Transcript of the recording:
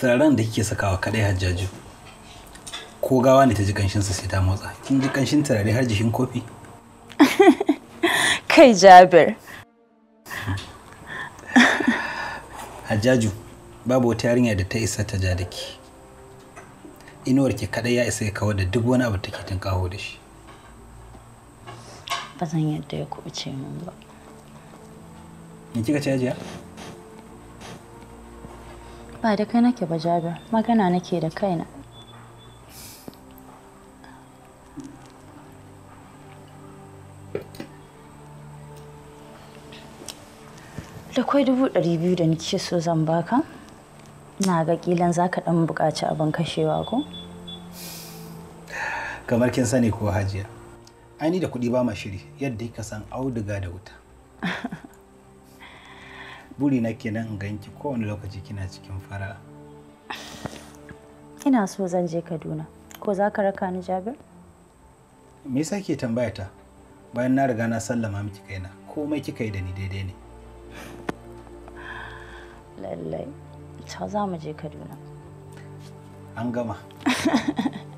turaren da kike sakawa kadai hajjaju ko gawa ne ta ji sa sai ta motsa kin ji kanshin turare har jikin kofi kai jabir hajjaju babu wata yarinya da ta isa ta ja da ke inuwar ke kadai ya isa ya kawar da duk wani abu take tun kawo da shi ba zan yadda ya ce min ba in kika ce jiya ba da kai nake ba jabir magana nake da kaina da kwai dubu ɗari biyu da nake so zan baka na ga kilan za ka ɗan buƙaci abin kashewa ko kamar kin sani ko hajiya ani da kuɗi ba ma shiri yadda ka san auduga da wuta buri na kenan in ganki kowane lokaci kina cikin fara. ina so zan je kaduna ko za ka raka ni jabir me yasa ke tambaya ta bayan na riga na sallama miki kaina komai kika yi da ni daidai ne lallai ta za mu je kaduna an gama